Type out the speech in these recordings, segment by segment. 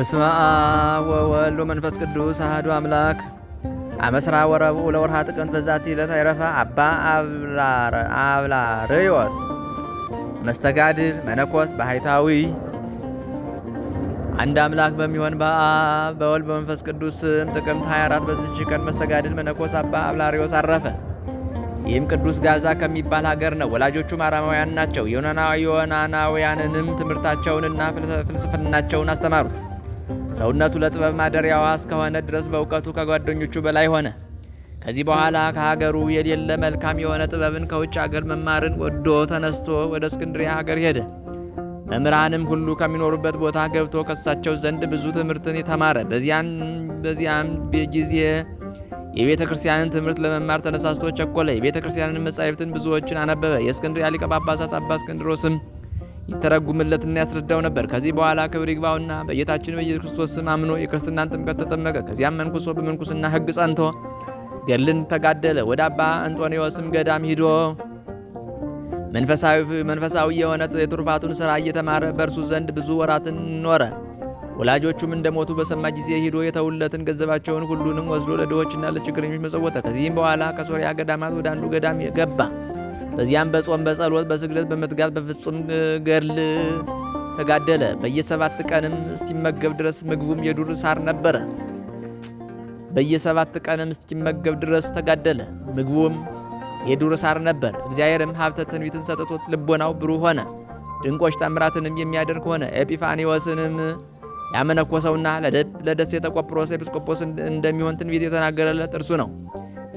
እስመ አብ ወወልድ ወመንፈስ ቅዱስ አህዱ አምላክ አመስራ ወረብኡ ለወርሃ ጥቅምት በዛቲ ዕለት አይረፈ አባ አብላርዮስ መስተጋድል መነኮስ ባህታዊ። አንድ አምላክ በሚሆን በአብ በወልድ በመንፈስ ቅዱስ ስም ጥቅምት 24 በዚች ቀን መስተጋድል መነኮስ አባ አብላርዮስ አረፈ። ይህም ቅዱስ ጋዛ ከሚባል ሀገር ነው። ወላጆቹም አራማውያን ናቸው። የዮናናውያንንም ትምህርታቸውንና ፍልስፍናቸውን አስተማሩት። ሰውነቱ ለጥበብ ማደሪያዋ እስከሆነ ድረስ በእውቀቱ ከጓደኞቹ በላይ ሆነ። ከዚህ በኋላ ከሀገሩ የሌለ መልካም የሆነ ጥበብን ከውጭ ሀገር መማርን ወዶ ተነስቶ ወደ እስክንድሪያ ሀገር ሄደ። መምህራንም ሁሉ ከሚኖሩበት ቦታ ገብቶ ከሳቸው ዘንድ ብዙ ትምህርትን የተማረ በዚያም ጊዜ የቤተ ክርስቲያንን ትምህርት ለመማር ተነሳስቶ ቸኮለ። የቤተ ክርስቲያንን መጻሕፍትን ብዙዎችን አነበበ። የእስክንድሪያ ሊቀ ጳጳሳት አባ እስክንድሮስም ይተረጉምለትና ያስረዳው ነበር። ከዚህ በኋላ ክብር ይግባውና በጌታችን በኢየሱስ ክርስቶስ ስም አምኖ የክርስትናን ጥምቀት ተጠመቀ። ከዚያም መንኩሶ በምንኩስና ሕግ ጸንቶ ገልን ተጋደለ። ወደ አባ አንጦኒዎስም ገዳም ሂዶ መንፈሳዊ የሆነ የትሩፋቱን ስራ እየተማረ በእርሱ ዘንድ ብዙ ወራትን ኖረ። ወላጆቹም እንደሞቱ በሰማ ጊዜ ሂዶ የተውለትን ገንዘባቸውን ሁሉንም ወስዶ ለድሆችና ለችግረኞች መጸወተ። ከዚህም በኋላ ከሶሪያ ገዳማት ወደ አንዱ ገዳም ገባ። በዚያም በጾም በጸሎት በስግደት በመትጋት በፍጹም ገድል ተጋደለ። በየሰባት ቀንም እስኪመገብ ድረስ ምግቡም የዱር ሳር ነበረ። በየሰባት ቀንም እስኪመገብ ድረስ ተጋደለ። ምግቡም የዱር ሳር ነበር። እግዚአብሔርም ሀብተ ትንቢትን ሰጥቶት ልቦናው ብሩህ ሆነ። ድንቆች ታምራትንም የሚያደርግ ሆነ። ኤጲፋኒዎስንም ያመነኮሰውና ለደሴተ ቆጵሮስ ኤጲስቆጶስ እንደሚሆን ትንቢት የተናገረለት እርሱ ነው።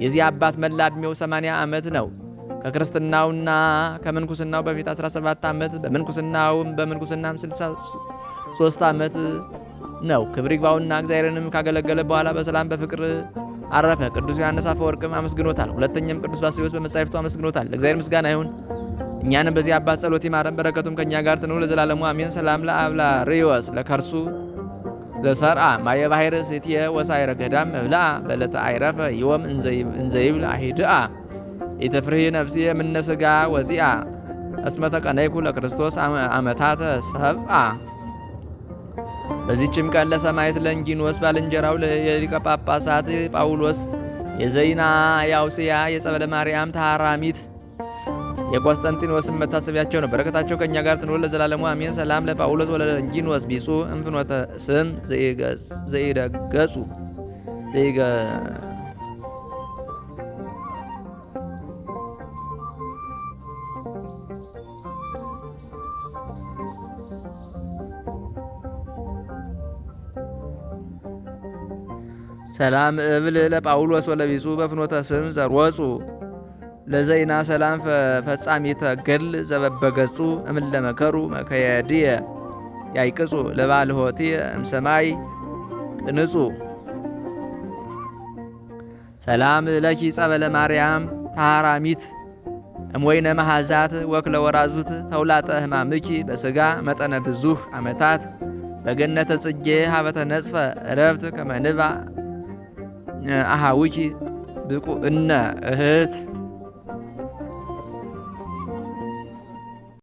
የዚህ አባት መላ ዕድሜው 80 ዓመት ነው። ከክርስትናውና ከምንኩስናው በፊት 17 ዓመት በምንኩስናውም በምንኩስናም 63 ዓመት ነው። ክብር ይግባውና እግዚአብሔርንም ካገለገለ በኋላ በሰላም በፍቅር አረፈ። ቅዱስ ዮሐንስ አፈወርቅም አመስግኖታል። ሁለተኛም ቅዱስ ባስልዮስ በመጻሕፍቱ አመስግኖታል። እግዚአብሔር ምስጋና ይሁን። እኛንም በዚህ አባት ጸሎት ይማረን፣ በረከቱም ከእኛ ጋር ትኑር ለዘላለሙ አሜን። ሰላም ለአብላ ርዮስ ለከርሱ ዘሰርአ ማየ ባሕር ሴትየ ወሳይረ ገዳም መብልአ በለተ አይረፈ ይወም እንዘይብል አሂድአ ኢትፍርሂ ነፍስየ ምነ ሥጋ ወፂአ እስመ ተቀነይኩ ለክርስቶስ አመታተ ሰብአ። በዚህችም ቀን ለሰማዕት ለንጊኖስ ባልንጀራው የሊቀ ጳጳሳት ጳውሎስ የዘይና የአውስያ የጸበለ ማርያም ታራሚት የቆስጠንጢኖስም መታሰቢያቸው ነው። በረከታቸው ከእኛ ጋር ትኑር ለዘላለሙ አሜን። ሰላም ለጳውሎስ ወለለንጊኖስ ቢጹ እንፍኖተ ስም ዘይገጹ ሰላም እብል ለጳውሎስ ወለቢጹ በፍኖተ ስም ዘርወፁ ለዘይና ሰላም ፈጻሚ ተገል ዘበበገጹ እምን ለመከሩ መከየድየ ያይቅጹ ለባል ለባልሆትየ እምሰማይ ቅንጹ ሰላም ለኪ ጸበለ ማርያም ታሃራሚት እምወይነ መሃዛት ወክለ ወራዙት ተውላጠ ህማምኪ በስጋ መጠነ ብዙህ ዓመታት በገነተ ጽጌ ሀበተ ነጽፈ ረብት ከመንባ አሃዊኪ ብቁ እነ እህት